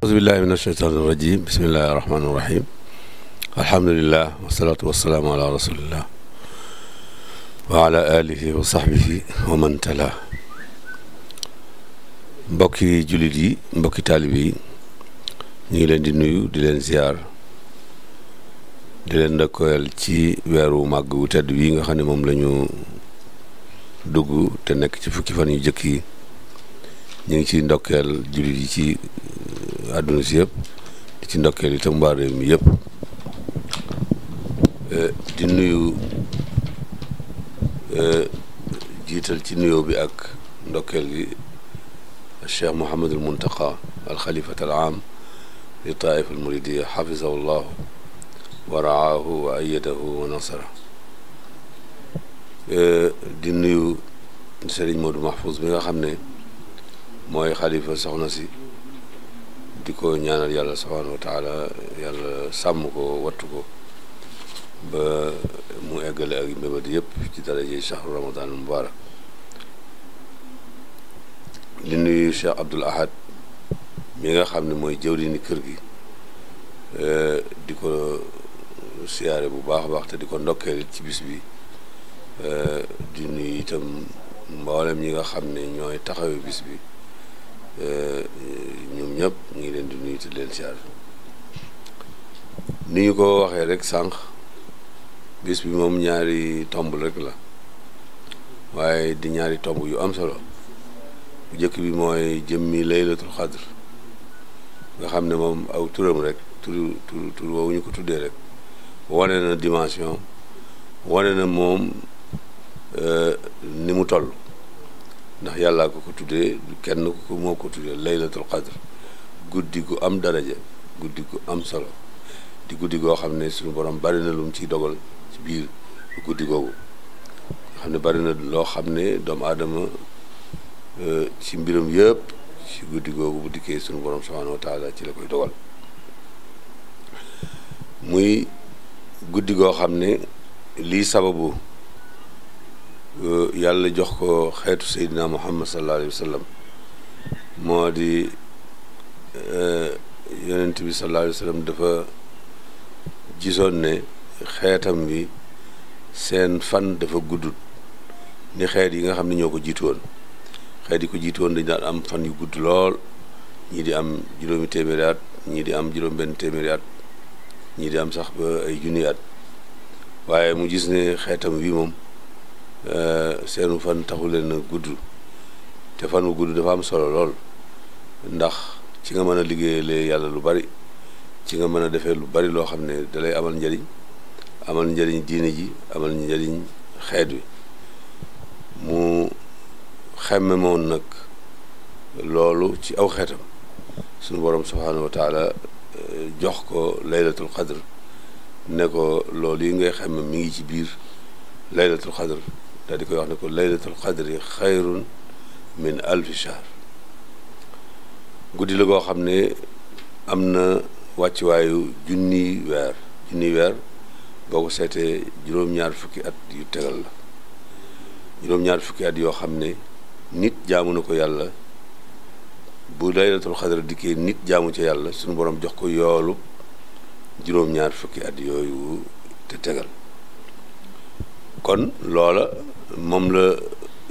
أعوذ بالله من الشيطان الرجيم بسم الله الرحمن الرحيم الحمد لله والصلاة والسلام على رسول الله وعلى آله وصحبه ومن تلاه بكي جلدي بكي طالبي نيلن دي نيو دي لن زيار دي لن دكويل تي ويرو ماغو تاد ويغا خاني موم دوغو تي نيك تي فوكي فان يجيكي aduna ci yeb di ci ndokel itam mbar rew mi yeb euh di nuyu euh jital ci nuyo bi ak ndokel bi الشيخ محمد المنتقى الخليفة العام لطائف المريدية حفظه الله ورعاه وأيده ونصره دي نيو سيرين محفوظ ميغا خامني موي خليفة سخنا سي di ko ñaanal yàlla subhaanahu wa yàlla sàmm ko wattu ko ba mu eggale ak mbébét yëpp ci daraje shahru ramadan mubarak li nuyu Cheikh Abdoul Ahad mi nga xam ni mooy jëwriñu kër gi eh, di ko siyaare bu baax a baax te di ko ndokkeel ci bis bi eh, di nuyu itam mboolem ñi nga xam ne ñooy taxawe bis bi Euh, ñoom ñëpp ñu ngi leen di nuyu di leen siyaar ni ñu ko waxee rek sànq bis bi moom ñaari tomb rek la waaye di ñaari tomb yu am solo bu njëkk bi mooy jëmmi laylatul xadr nga xam ne moom aw turam rek turu turu tur woowu ñu ko tuddee rek wane na dimension wane na moom euh, ni mu toll ndax yàllaa ko ko tuddee kenn ko moo ko tuddee laylatul qadr guddi gu am daraja guddi gu am solo di guddi goo xam ne sunu borom bari na lu mu ciy dogal ci biir guddi googu xam ne bari na loo xam ne doomu aadama euh, ci mbiram yëpp ci guddi googu bu dikkee sunu borom subhaanahu wa ci la koy dogal muy guddi goo xam ne lii sababu Euh, yàlla jox ko xeetu seydinaa muhammad sallallahu alayhi wa sallam moo di euh, yonent bi sallallahu alayhi wa sallam dafa gisoon ne xeetam bi seen fan dafa guddut ni xeet yi nga xam ne ñoo ko jiitu woon xeet yi ko jiitu woon dañ daan am fan yu gudd lool ñii di am juróomi téeméeri at ñii di am juróom benn téeméeri at ñii di am sax ba ay junni at waaye mu gis ne xeetam wi moom Euh, seenu fan taxu leen a gudd te fan wu gudd dafa am solo lool ndax ci nga mën a liggéeyalee yàlla lu bari ci nga mën a defee lu bari loo xam ne dalay amal njariñ amal njariñ diine ji amal njariñ xeet wi mu xemme moon nag loolu ci aw xeetam suñu borom subhaanahu wa euh, jox ko laylatul xadr ne ko loolu yi ngay xemme mu ngi ci biir laylatul xadr daal di koy wax ne ko laylatul qadri xayrun min alfi shahr guddi la goo xam ne am na wàccuwaayu junniy weer junniy weer boo ko seetee juróom-ñaar fukki at yu tegal la juróom-ñaar fukki at yoo xam ne nit jaamu na ko yàlla bu laylatul xadar dikkee nit jaamu ca yàlla suñu boroom jox ko yoolu juróom-ñaar fukki at yooyu te tegal kon loola moom la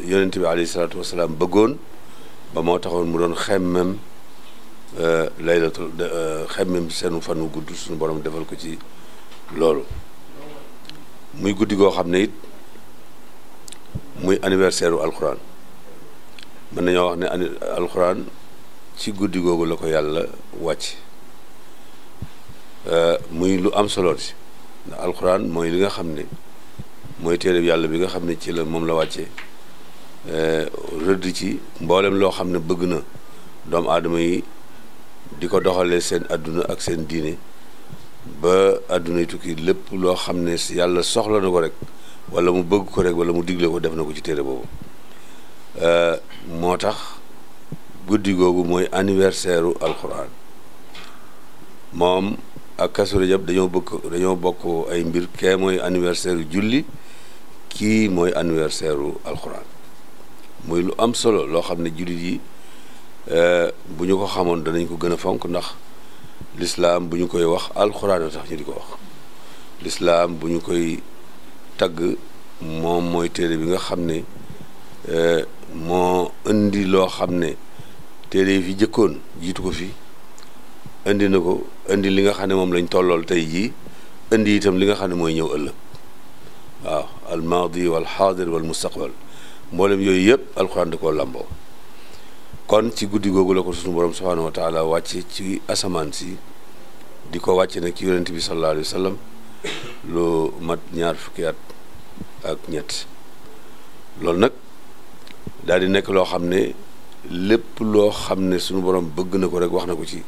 yonent bi alayhi salaatu wasalaam bëggoon ba moo taxoon mu doon xemmem euh, laylatul euh, xemmem seenu fan wu gudd suñu borom defal ko ci loolu muy guddi koo xam ne it muy anniversaire u alxuraan mën nañoo wax ne ani alxuraan ci guddi googu la ko yàlla wàcc euh, muy lu am solo si ndax alxuraan mooy li nga xam ne mooy téere yàlla bi nga xam ne ci la moom la wàccee eh, rëdd ci mboolem loo xam ne bëgg na doomu aadama yi di ko doxalee seen àdduna ak seen diine ba àdduna yi tukki lépp loo xam ne si yàlla soxla na ko rek wala mu bëgg ko rek wala mu digle ko def na ko ci téere boobu eh, moo tax guddi googu mooy anniversaire u alxuraan moom ak Kazu Rajab dañoo bëgg dañoo bokk ay mbir kee mooy anniversaire julli kii mooy anniversaire u alxuraan muy lu am solo loo xam ne jullit yi euh, bu ñu ko xamoon danañ ko gën a fonk ndax lislaam bu ñu koy wax alxuraan a tax ñu di ko wax lislaam bu ñu koy tagg moom mooy téere bi nga xam ne euh, moo indi loo xam ne téere yi fi jëkkoon jiitu ko fi indi na ko indi li nga xam ne moom lañ tollool tey jii indi itam li nga xam ne mooy ñëw ëllëg waaw almaadi wal xaadir wal mustaqbal mboolem yooyu yëpp alxuraan da koo làmboo kon ci guddi googu la ko suñu borom subhaanahu wa taala wàcce ci asamaan si di ko wàcce nag ci yonent bi sallallahu alayhi wa sallam lu mat ñaar fukkiyaat ak ñett loolu nag daal di nekk loo xam ne lépp loo xam ne suñu borom bëgg na ko rek wax na ko ci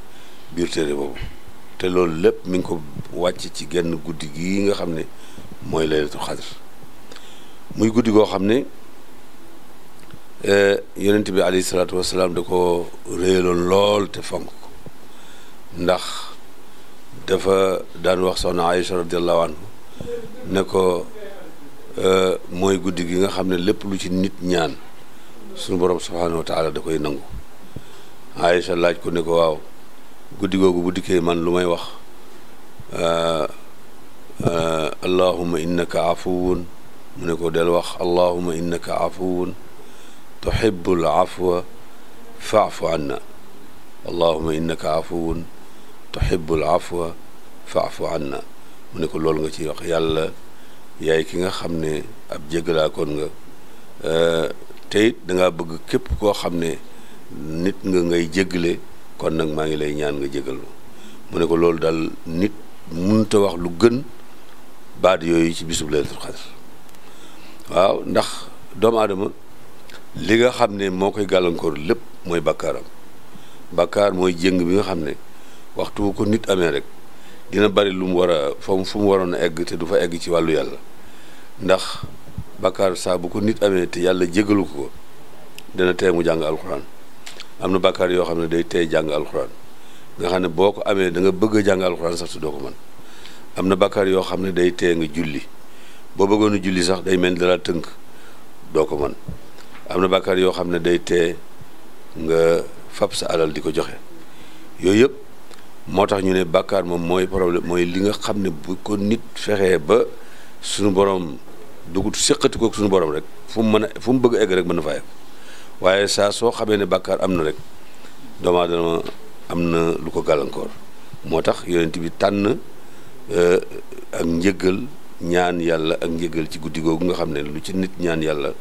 biir téere boobu te loolu lépp mi ngi ko wàcce ci genn guddi gii nga xam ne mooy laylatul xadr muy guddi koo xam ne eh, yonent bi alayhi salaatu wasalaam da ko réyaloon lool te fonk ko ndax dafa daan wax soxna Aïcha radiallahu anhu ne ko eh, mooy guddi gi nga xam ne lépp lu ci nit ñaan suñu borom subhaanahu wa taala da koy nangu Aïcha laaj ko ne ko waaw guddi googu bu dikkee man lu may wax eh, allahumma innaka afuwun mu ne ko del wax allahuma innaka afuwun tuhibbul afwa fa'fu anna allahuma innaka afuwun tuhibbul afwa fa'fu anna mu ne ko loolu nga ci wax yàlla yaay ki nga xam ne ab jégalaakoon nga teyit dangaa bëgg képp koo xam ne nit nga ngay jéggale kon nag maa ngi lay ñaan nga jégal ma mu ne ko loolu daal nit mënut a wax lu gën baat yooyu ci bisub laylatul qadr waaw ndax doomu aadama li nga xam ne moo koy gàllankoor lépp mooy bàkkaaram bàkkaar mooy jëng bi nga xam ne waxtu ko nit amee rek dina bari lu mu war a fam fu mu waroon a egg te du fa egg ci wàllu yàlla ndax bàkkaar saa bu ko nit amee te yàlla jégalu ko dana tee mu jàng alxuraan am na bàkkaar yoo xam ne day tee jàng nga xam ne boo ko amee da bëgg a jàng sax te doo ko am na bàkkaar yoo xam ne day tee nga julli boo bëggoon a julli sax day mel ni dala tënk doo ko man am na bàkkaar yoo xam ne day tee nga fab sa alal di ko joxe yooyu yëpp moo tax ñu ne bàkkaar moom mooy problème mooy li nga xam ne bu ko nit fexee ba suñu borom dugut séqati ko suñu borom rek fu mu mën a fu mu bëgg egg rek mën na faa waaye saa soo xamee ne bàkkaar am na rek doomu aadama am na lu ko gàllankoor moo tax yonent bi tànn euh, ak njëggal ñaan yàlla ak njëgal ci guddi googu nga xam ne lu ci nit ñaan yàlla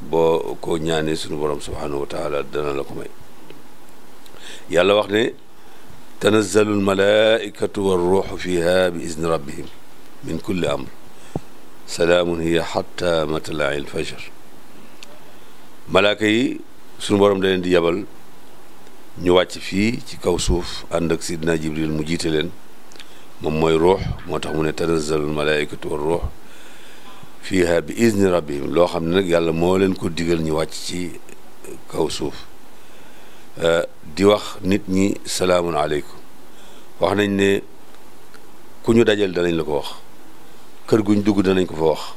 boo ko ñaanee sunu borom subhaanahu wa taala dana la ko may wax ne tanazzalu almalaikatu wa ruuxu fiha bi izni rabbihim min kulli amr salaamun hiya xatta matlai alfajr malaaka yi sunu borom da di yabal ñu wàcc fii ci kaw suuf ànd ak sidna jibril mu jiite leen من ماي روح متهمون تنزل الملائكة والروح فيها بإذن ربهم لو خم نقل مولن كدقل نواتي كوسوف دي وخ نتني سلام عليكم وحنا ني كونيو داجل دانين لكو وخ كر دوغ دانين كفو وخ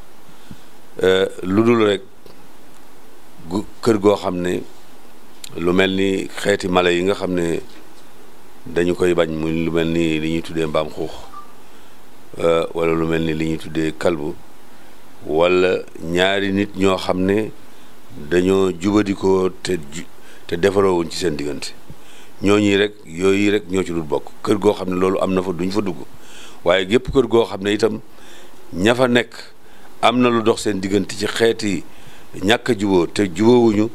لدول ريك كر خم ني لو ملني خيتي ملايين خم ني dañu koy bañ mu lu mel ni li ñuy tuddee mbaam xuux euh, wala lu mel ni li ñuy tuddee kalbu walla ñaari nit ñoo xam ne dañoo jubadikoo te te defaroowuñ ci seen diggante ñoo ñooñu rek yooyu rek ñoo ci dul bokk kër goo xam ne loolu am na fa duñ fa dugg waaye gépp kër goo xam ne itam ña fa nekk am na lu dox seen diggante ci xeeti ñàkk a juboo te juboowuñu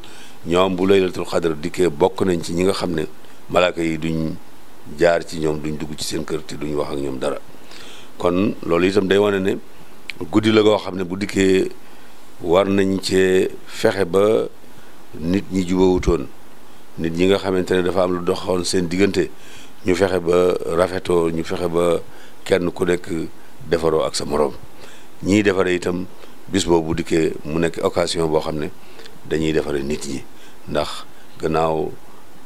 ñoom bu laylatul xadar dikkee bokk nañ ci ñi nga xam ne malaaka yi duñ jaar ci ñoom duñ dugg ci seen kër te duñ wax ak ñoom dara kon loolu itam day wane ne guddi la goo xam ne bu dikkee war nañ cee fexe ba nit ñi jubawutoon nit ñi nga xamante ne dafa am lu doxoon seen diggante ñu fexe ba rafetoo ñu fexe ba kenn ku nekk defaroo ak sa moroom ñiy defare itam bis boobu dikkee mu nekk occasion boo xam ne dañuy defare nit ñi ndax gannaaw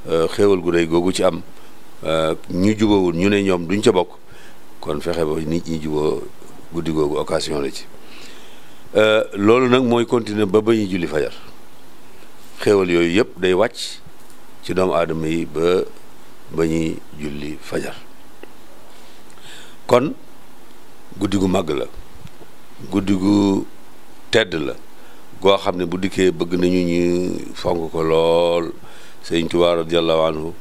euh, xéewal gu rëy googu ci am Euh, ñu jubawul ñu ne ñoom duñ ca bokk kon fexe ba nit ñi juboo guddi googu occasion la ci euh, loolu nag mooy continuer ba ba ñuy julli fajar xéewal yooyu yëpp day wàcc ci doomu aadama yi ba ba julli fajar kon guddi gu màgg la guddi gu tedd la goo xam ne bu dikkee bëgg nañu ñu fonk ko lool sëñ Tuubaa radiyallaahu anhu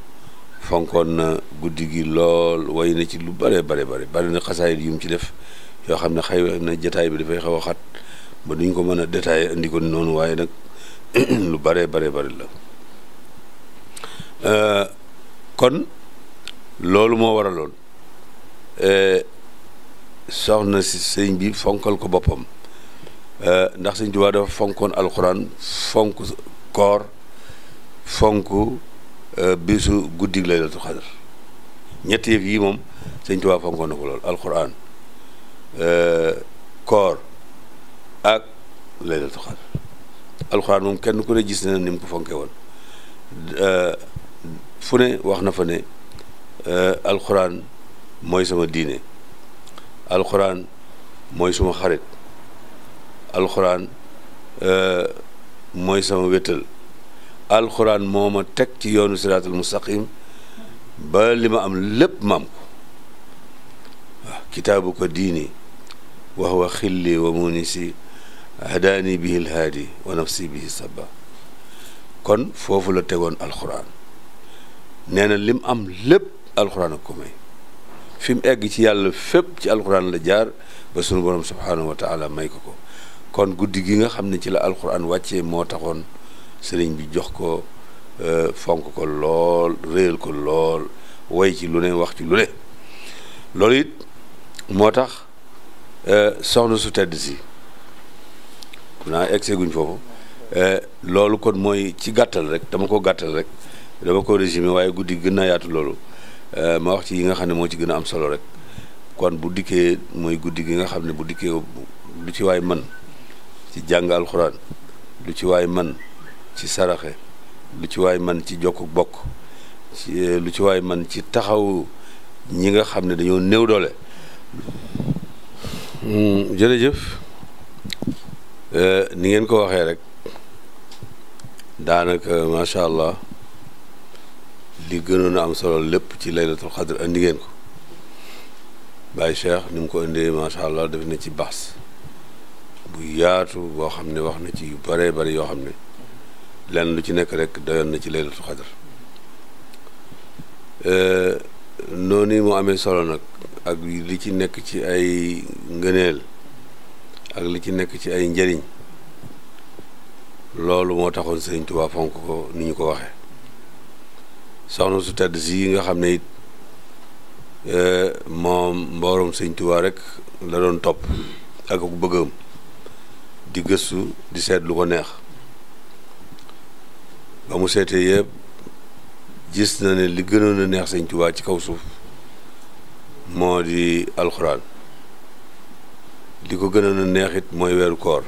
fonkoon na guddi gi lool way na ci lu bare bare bare bari na xasaayit yu mu ci def yoo xam ne xëy na jataay bi dafay xaw a xat ba duñ ko mën a détaillé indi ko noonu waaye nag lu bare bare bari la euh, kon loolu moo waraloon euh, soxna si sëñ bi fonkal ko boppam euh, ndax sëñ Tuubaa dafa fonkoon fonk koor fonk Euh, bisu guddig laylatul xadar ñetti yëf yi moom sëñ Tuubaa fonkoon na ko lool alquran euh, koor ak laylatul xadar alquran moom kenn ku ne gis na ni mu ko fonkee woon euh, fu ne wax na fa ne alquran mooy sama diine alquran mooy suma xarit alquran mooy sama wéttal alxuraan moo ma teg ci yoonu siraatul mustaqim ba li ma am lépp ma am ko waaw kitaabu ko diini wa huwa xilli wa munisi hadaani bihi lhaadi wa nafsi bihi sabba kon foofu la tegoon alxuraan nee na lim am lépp alxuraan ak ko may fi mu egg ci yàlla fépp ci alxuraan la jaar ba sunu borom subhaanahu wa may ko ko kon guddi gi nga xam ne ci la alxuraan wàcce moo taxoon sëriñ bi jox ko euh, fonk ko lool réyal ko lool woy ci lu ne wax ci lu ne loolu it moo tax euh, soxna su tedd si naa egg guñ foofu euh, loolu kon mooy ci gàttal rek dama ko gàttal rek dama ko résumé waaye guddi gën naa yaatu loolu ma wax ci yi nga xam ne moo ci gën a am solo rek kon bu dikkee mooy guddi gi nga xam ne bu dikkee lu ci waay man ci jàng alxuraan lu ci waay man ci saraxe lu ci way man ci jokk bok ci lu ci way man ci taxaw ñi nga xam ne dañoo néew doole euh ni ngeen ko waxé rek danaka ma sha allah li gënon am solo lépp ci laylatul qadr andi ngeen ko bay Cheikh nim ko ëndé ma sha allah def na ci bass bu yaatu bo xamné wax na ci yu bare bare yo xamné ne lenn lu ci nekk rek doyoon na ci laylatul xadar euh, noonu mu amee solo nag ak li ci nekk ci ay ngëneel ak li ci nekk ci ay njëriñ loolu moo taxoon Sëriñ Tuubaa fonk ko ni ñu ko waxe soxna su tedd si nga xam ne it euh, moom mboorom Sëriñ Tuubaa rek la doon topp ak ku bëggam di gëstu di seet lu ko neex ba mu seetee yëpp gis na ne li gënoon neex sëñ Tuubaa ci kaw suuf moo di alxuraan li ko gënoon a neex it mooy weeru koor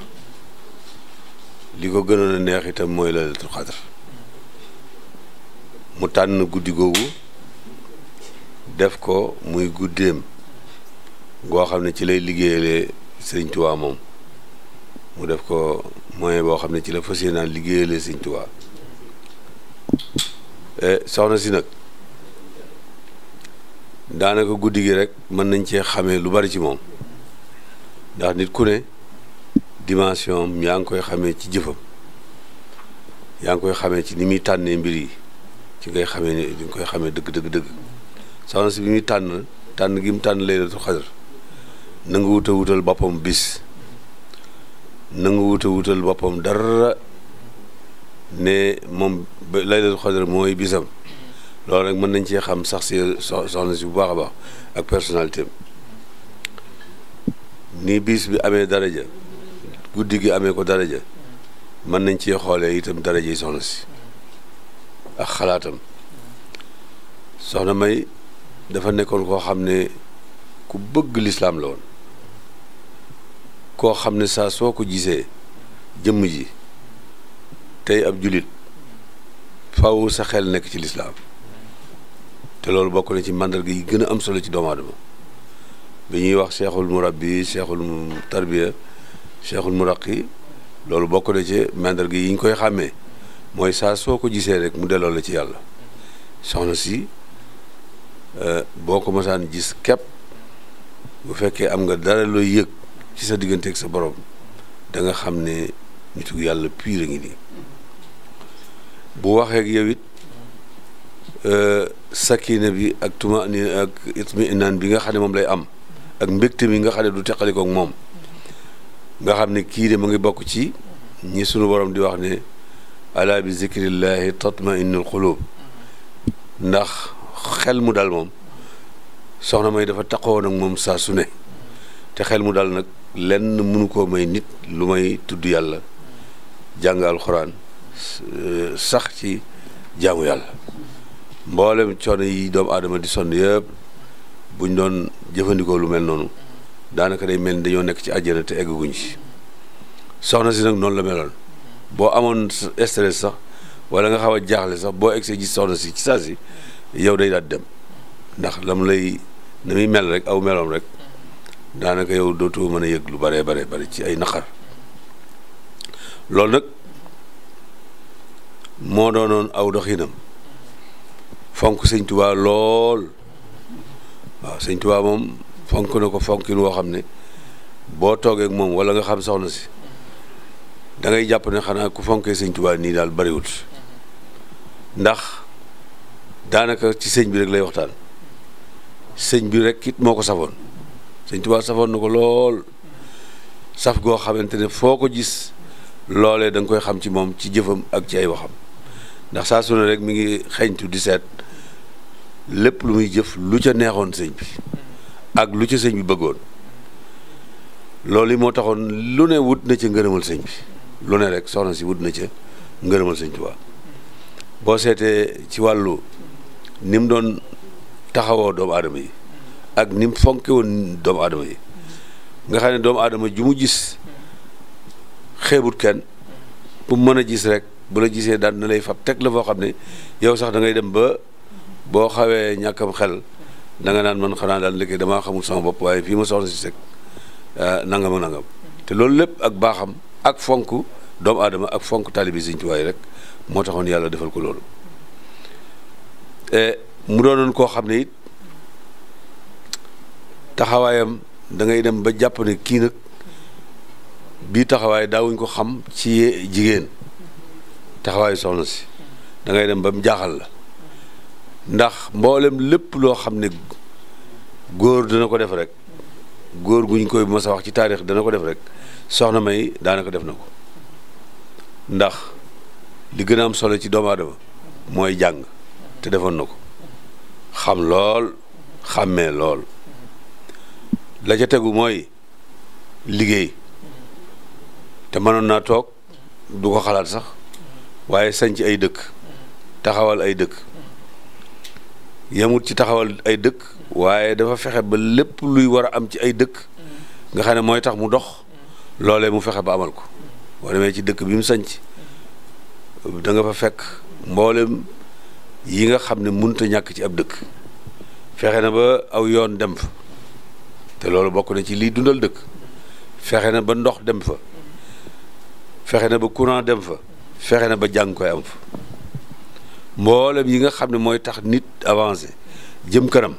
li ko gënoona neex itam mooy laylatul xadr mu tànn guddi googu def ko muy guddeem goo xam ne ci lay liggéeyalee sëñ Tuubaa moom mu def ko moyen boo xam ne ci la fas naa liggéeyalee sëñ Tuubaa Eh, soxna si nag daanaka guddi gi rek mën nañ cee xamee lu bari ci moom ndax nit ku ne dimension am yaa ngi koy xamee ci jëfam yaa ngi koy xamee ci ni muy tànnee mbir yi ci ngay xamee ni di nga koy xamee dëgg dëgg dëgg soxna si bi muy tànn tànn gi mu tànn laylatul xadar nanga wuta wutal boppam bis nanga wuta wutal boppam dara ne moom laylatul xadar mooy bisam loolu rek mën nañ cee xam sax si soxna si bu baax a baax ak personnalité ni bis bi amee daraja guddi gi amee ko daraja mën nañ cee xoolee itam daraja yi soxna si ak xalaatam soxna May dafa nekkoon koo xam ne ku bëgg lislaam la woon koo xam ne saa soo ko gisee jëmm ji tey ab julit faw sa xel nekk ci lislaam te loolu bokk na ci màndarga yi gën a am solo ci doomu aadama bi ñuy wax cheikhul murabbi cheikhul tarbiya cheikhul muraqi loolu bokk na ci màndarga yi ñu koy xàmmee mooy saa soo ko gisee rek mu delloo la ci yàlla soxna si euh, boo ko mosaan gis kepp bu fekkee am nga dara looy yëg ci sa digganteeg sa borom danga xam ne nitu yàlla a ngi nii bu waxee ak yow it euh, sakina bi ak tumani ak itminaan bi nga xam ne moom lay am ak mbégte mi nga xam ne du teqalikoo moom nga xam ne kii de mu ngi bokk ci ñi sunu borom di wax ne ala bi zikrillahi tatma'innul qulub ndax xel mu dal moom soxna may dafa taxawoon ak moom saa su ne te xel mu dal nag lenn mënu koo may nit lu may tudd yàlla jàng alxuraan sax ci jaamu yàlla mboolem coono yi doomu aadama di sonn yëpp buñ doon jëfandikoo lu mel noonu daanaka day mel ni dañoo nekk ci àjjana te eggaguñ ci soxna si nag noonu la meloon boo amoon stress sax wala nga xaw a jaaxle sax boo egsee gis soxna si ci saa si yow day daal dem ndax lam lay na muy mel rek aw meloom rek daanaka yow dootoo mën a yëg lu bare bare bare ci ay naqar loolu nag moo doonoon aw doxinam fonk sëñ Tuubaa lool waaw sëñ moom fonk na ko fonkin woo xam ne boo toogeek moom wala nga xam soxna si da jàpp ne xanaa ku fonkee sëñ nii daal bariwut ndax daanaka ci sëñ bi rek lay waxtaan sëñ bi rek it moo ko safoon sëñ Tuubaa safoon na ko lool saf goo xamante ne foo ko gis loolee da koy xam ci moom ci jëfam ak ci ay waxam ndax saa su ne rek mi ngi xeeñtu di seet lépp lu muy jëf lu ca neexoon sëñ bi ak lu ca sëñ bi bëggoon loolu yi moo taxoon lu ne wut na ca ngërëmal sëñ bi lu ne rek soxna si wut na ca ngërëmal sëñ Tuubaa boo seetee ci wàllu ni mu doon taxawoo doomu aadama yi ak ni mu fonke doomu aadama yi nga xam ne doomu aadama ju mu gis xeebut kenn bu mën a gis rek bu la gisee daan na lay fab teg la foo xam ne yow sax da ngay dem ba boo xawee ñàkkam xel danga nga naan man xanaa daal léegi damaa xamul sama bopp waaye fii ma soxna si sek ah, nangam ak nangam te loolu lépp ak baaxam ak fonk doomu aadama ak fonk taalibi Sëñ Tuubaa rek moo taxoon yàlla defal ko loolu e, mu doonoon koo xam ne it taxawaayam da ngay dem ba jàpp kii nag bii taxawaay daawuñ ko xam ci jigéen taxawaayu soxna si da dem ba mu jaaxal la ndax mboolem lépp loo xam ne góor dana ko def rek góor guñ koy mos wax ci taarix dana ko def rek soxna may daanaka def na ko ndax li gën a am solo ci doomu aadama mooy jàng te defoon na ko xam lool xàmmee lool la ca tegu mooy liggéey te mënoon naa toog du ko xalaat sax waaye sanc ay dëkk taxawal ay dëkk yemut ci taxawal ay dëkk waye dafa fexe ba lépp luy wara am ci ay dëkk nga xane moy tax mu dox lolé mu fexe ba amal ko bo démé ci dëkk bi mu sanc da nga fa fekk mbolem yi nga xamné ne mënut a ci ab dëkk fexe na ba aw yoon dem fa te lolou bokku na ci li dundal dëkk fexe na ba ndox dem fa fexe na ba courant dem fa fexe na ba jàng koy am fa mboolem yi nga xam ne mooy tax nit avancé jëm këram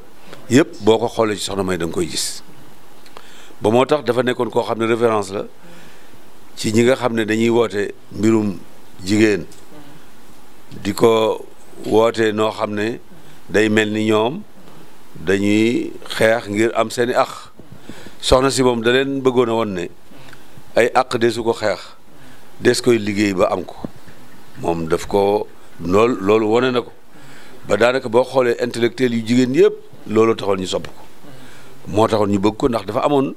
yëpp boo ko xoolee ci soxna May danga koy gis ba moo tax dafa nekkoon koo xam ne référence la ci ñi nga xam ne dañuy woote mbirum jigéen di ko woote noo xam ne day mel ni ñoom dañuy xeex ngir am seeni aq soxna si moom da leen bëggoon a woon ne ay aq desu ko xeex des koy liggéey ba am ko moom daf ko lool loolu wane na ko ba daanaka boo xoolee intellectuel yu jigéen yëpp looloo taxoon ñu sopp ko moo taxoon ñu bëgg ko ndax dafa amoon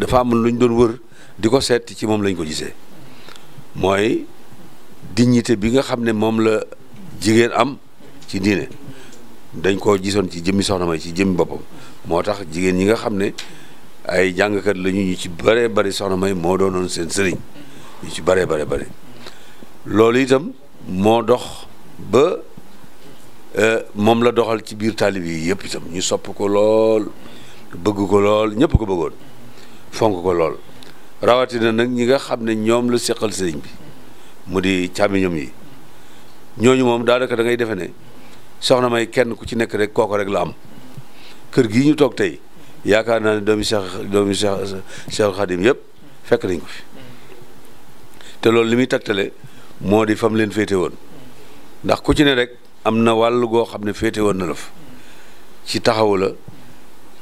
dafa amoon lu ñu doon wër di ko seet ci moom lañ ko gisee mooy dignité bi nga xam ne moom la jigéen am ci diine dañ koo jisoon ci jëmmi soxna may ci jëmmi boppam moo tax jigéen ñi nga xam ne ay jàngkat lañu ñu ci bëree bëri soxna may moo doonoon seen sëriñ ñu ci bëree bëri bëri loolu itam moo dox ba euh, moom la doxal ci biir taalibe yi yëpp itam ñu sopp ko lool bëgg ko lool ñëpp ko bëggoon fonk ko lool rawatina nag ñi nga xam ne ñoom la seqal sëriñ bi mu di càmmiñam yi ñooñu moom daanaka da ngay defe ne soxna may kenn ku ci nekk rek kooko rek la am kër gii ñu toog tey yaakaar naa ne doomi Cheikh doomi Cheikh Cheikh fekk nañ ko fi te loolu li muy taktale moo di fam leen féete woon ndax ku ci ne rek am na wàll goo xam ne féete woon na la fa ci taxaw la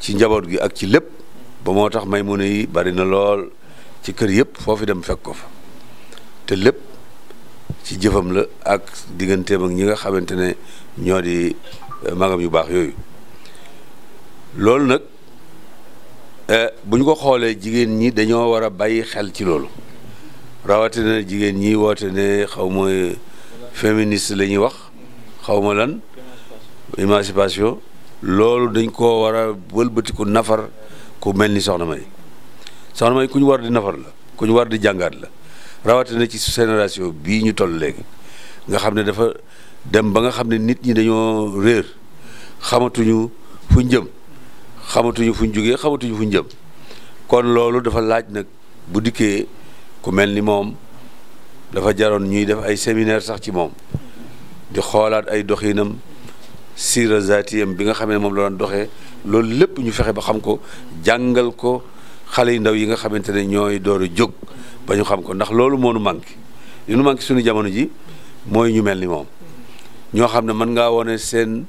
ci njaboot gi ak ci lépp ba moo tax maymuna yi bari na lool ci kër yëpp foofu dem fekk ko fa te lépp ci jëfam la ak digganteem ak ñi nga xamante ne ñoo di eh, magam yu baax yooyu loolu nag eh, bu ñu ko xoolee jigéen ñi dañoo war a bàyyi xel ci loolu rawatina jigéen ñi woote ne xawma ma féministe la ñuy wax xaw ma lan émancipation loolu dañ koo war a wëlbatiku nafar ku mel ni soxna May soxna May ku ñu war di nafar la ku ñu war di jàngaat la rawatina ci sénération bii ñu toll léegi nga xam ne dafa dem ba nga xam ne nit ñi dañoo réer xamatuñu fu njëm xamatuñu fuñ jógee xamatuñu fuñ jëm kon loolu dafa laaj nag bu dikkee. ku mel ni moom dafa jaroon ñuy def ay séminaire sax ci moom di xoolaat ay doxinam siira zaatiyam bi nga xamee moom la doon doxee loolu lépp ñu fexe ba xam ko jàngal ko xale yu ndaw yi nga xamante ne ñooy door a jóg ba ñu xam ko ndax loolu moo nu manqué li nu manqué suñu jamono ji mooy ñu mel ni moom ñoo xam ne mën ngaa wone seen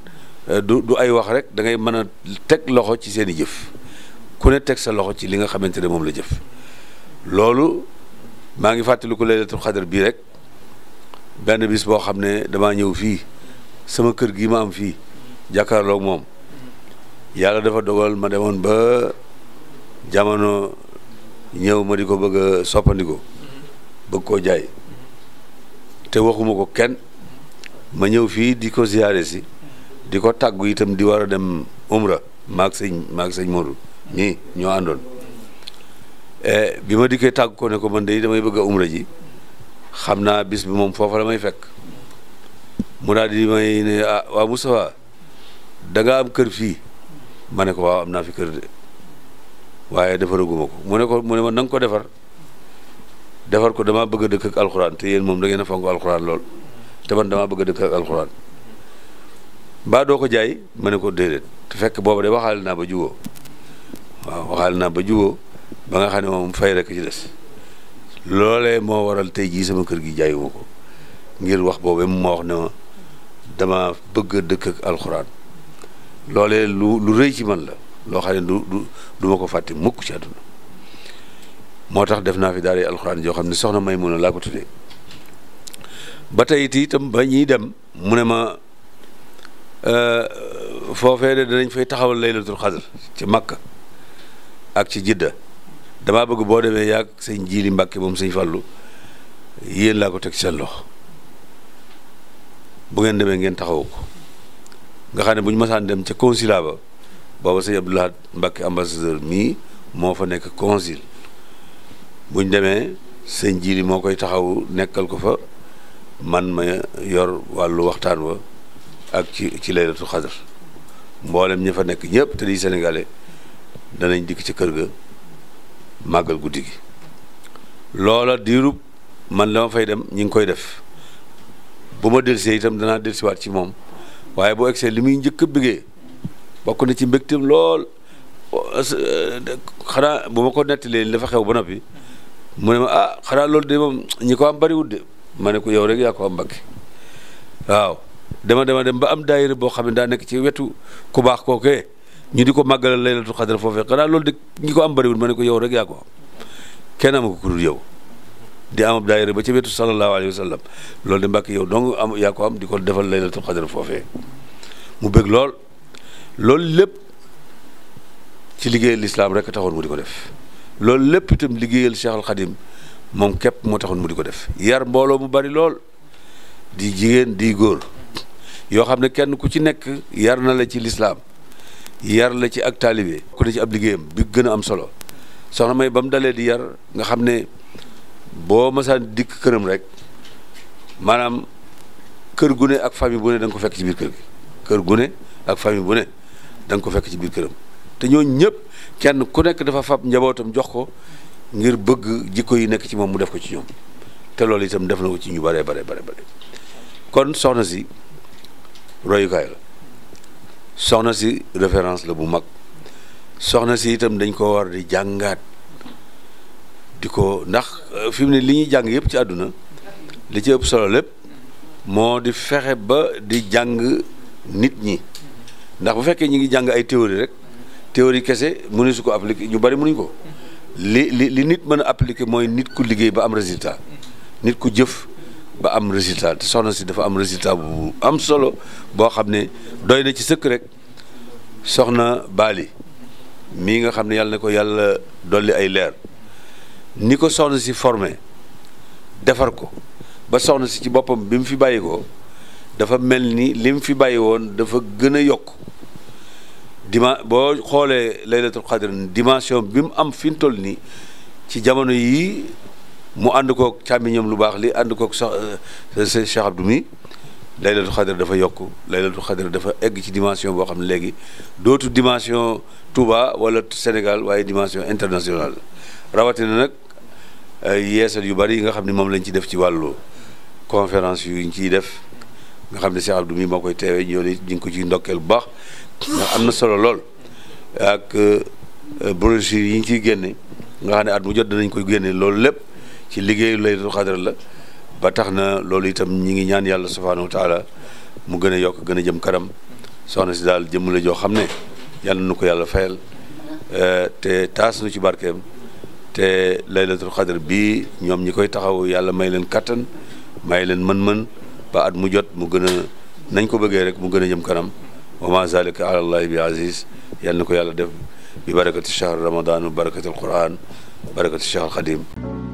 euh, du du ay wax rek da ngay mën a teg loxo ci seen i jëf ku ne teg sa loxo ci li nga xamante ne moom la jëf loolu maa ngi fàttaliku laylatul xadar bii rek benn bis boo xam ne damaa ñëw fii sama kër gi ma am fii jàkkaarloog moom yàlla dafa dogal ma demoon ba jamono ñëw ma di ko bëgg a soppandiko bëgg koo jaay te waxuma ko kenn ma ñëw fii di ko ziyaare si di ko tàggu itam di war a dem umra maag sëñ maag sëñ Modou nii ñoo àndoon Eh, bi ma dikkee tàgg ko ne ko man de damay bëgg a umra ji xam naa bis bi moom foofa la may fekk mu daal di may ne ah waa Moustapha da nga am kër fii ma ne ko waa am naa fi kër de waaye defaraguma ko mu ne ko mu ne ma na ko defar defar ko damaa bëgg dëkk ak te yéen moom da ngeen a fonk alxuraan lool te man damaa bëgg a dëkk ak alxuraan doo ko jaay ma ne ko déedéet te fekk booba de waxaale naa ba juboo waaw waxaale naa ba juboo ba nga xam ne moom fay rek ci des loolee moo waral tey jii sama kër gi jaayuma ko ngir wax boobee mu ma wax ne ma dama bëgg dëkk ak alxuraan loolee lu rëy ci man la loo xam ne du du du ko fàtte mukk ci àdduna moo tax def naa fi daara alxuraan joo xam ne soxna may mun a laa ko tuddee ba tey itam ba ñuy dem mu ne ma euh, foofee de danañ fay taxawal laylatul xadr ci Makka ak ci Jidda damaa bëgg boo demee yàgg sëñ Jiili Mbàkke moom sëñ Fàllu yéen laa ko teg seen loxo bu ngeen demee ngeen taxawu ko nga xam ne bu ñu masaan dem ca consulat ba booba sëñ Abdou Mbàkke ambassadeur mii moo fa nekk consul bu ñu demee sëñ Jiili moo koy taxaw nekkal ko fa man ma yor wàllu waxtaan wa ak ci ci laylatu xadar mboolem ñi fa nekk ñëpp te di sénégalais danañ dikk ci kër ga màggal guddi gi loola diirub man dama fay dem ñi ngi koy def bu ma delsee itam danaa delsiwaat ci moom waaye boo egsee li muy njëkk a bëggee bokk ci mbégteem lool xanaa bu ma ko nettalee dafa xew ba noppi mu ne ma a ah, xanaa loolu de moom ñi ko am bariwul de ma ne ko yow rek yaa ko am waaw dama dama dem ba am daayira boo xam ne daa nekk ci wetu ku baax kookee ñu di ko màggalal laylatul xadar foofee xanaa loolu de ñi ko am bëriwul ma ne ko yow rek yaa ko am kenn ama ko ku dul yow di am ab ba ci wetu sallallahu alayhi wa sallam loolu de mbàkk yow dong am yaa ko am di ko defal laylatul xadar foofee mu bëgg lool loolu lépp ci liggéey lislaam rek taxoon mu di ko def loolu lépp itam liggéeyal Cheikhul Xadim moom képp moo taxoon mu di ko def yar mbooloo mu bari lool di jigéen di góor yoo xam ne kenn ku ci nekk yar na la ci lislaam yar la ci ak taalibe ku ne ci ab liggéeyam bi gën a am solo soxna may ba mu dalee di yar nga xam ne boo masaan dikk këram rek maanaam kër gu ne ak famille bu ne da ko fekk ci biir kër gi kër gu ne ak famille bu ne da ko fekk ci biir këram te ñooñu ñëpp kenn ku nekk dafa fab njabootam jox ko ngir bëgg jikko yi nekk ci moom mu def ko ci ñoom te loolu itam def na ko ci ñu bare bare bare bare kon soxna si royukaay la soxna si référence la bu mag soxna si itam dañ ko war di jàngaat di ko ndax euh, fi mu ne li ñuy jàng yëpp ci àdduna li ci ëpp solo lépp moo di fexe ba di jàng nit ñi ndax bu fekkee ñu ngi jàng ay théorie rek théorie kese mënu su ko appliquer ñu bari mënuñ ko li li li nit mën a appliquer mooy nit ku liggéey ba am résultat nit ku jëf ba am résultat te soxna si dafa am résultat bu am solo boo xam ne doy na ci sëkk rek soxna Baali mii nga xam ne yàlla na ko yàlla dolli ay leer ni ko soxna si formé defar ko ba soxna si ci boppam bi mu fi bàyyi ko dafa mel ni li mu fi bàyyi woon dafa gën a yokk dima boo xoolee laylatul qadr dimension bi mu am fi mu toll nii ci jamono yii mu ànd koog càmmiñam lu baax li ànd kook sax euh, sëñ du Abdou mi laylatul xadar dafa yokk laylatul xadar dafa egg ci dimension boo xam ne léegi dootu dimension Touba wala Sénégal waaye dimension international rawatina nag yeesal yu bari yi nga xam ne moom lañ ci def ci wàllu conférence yu ñu ciy def nga xam ne Cheikh du mi moo koy teewee ñoo ñu ngi ko ciy ndokkeel bu baax ndax am na solo lool ak euh, brochure yi ñu ciy génne nga xam ne at mu jot danañ koy génne loolu lépp. ci liggéeyu laylatul qadr la ba tax na loolu itam ñi ngi ñaan yàlla subhanahu wa taala mu gën a yokk gën a jëm karam soxna si daal jëmm la joo xam ne yàlla nu ko yàlla fayal te taas nu ci barkeem te laylatul qadr bii ñoom ñi koy taxaw yàlla may leen kattan may leen mën-mën ba at mu jot mu gën a nañ ko bëggee rek mu gën a jëm kanam wa ma zalika ala allahi bi aziz yàlla na ko yàlla def bi barakati shahr ramadan wa barakati alquran barakati shahr alxadim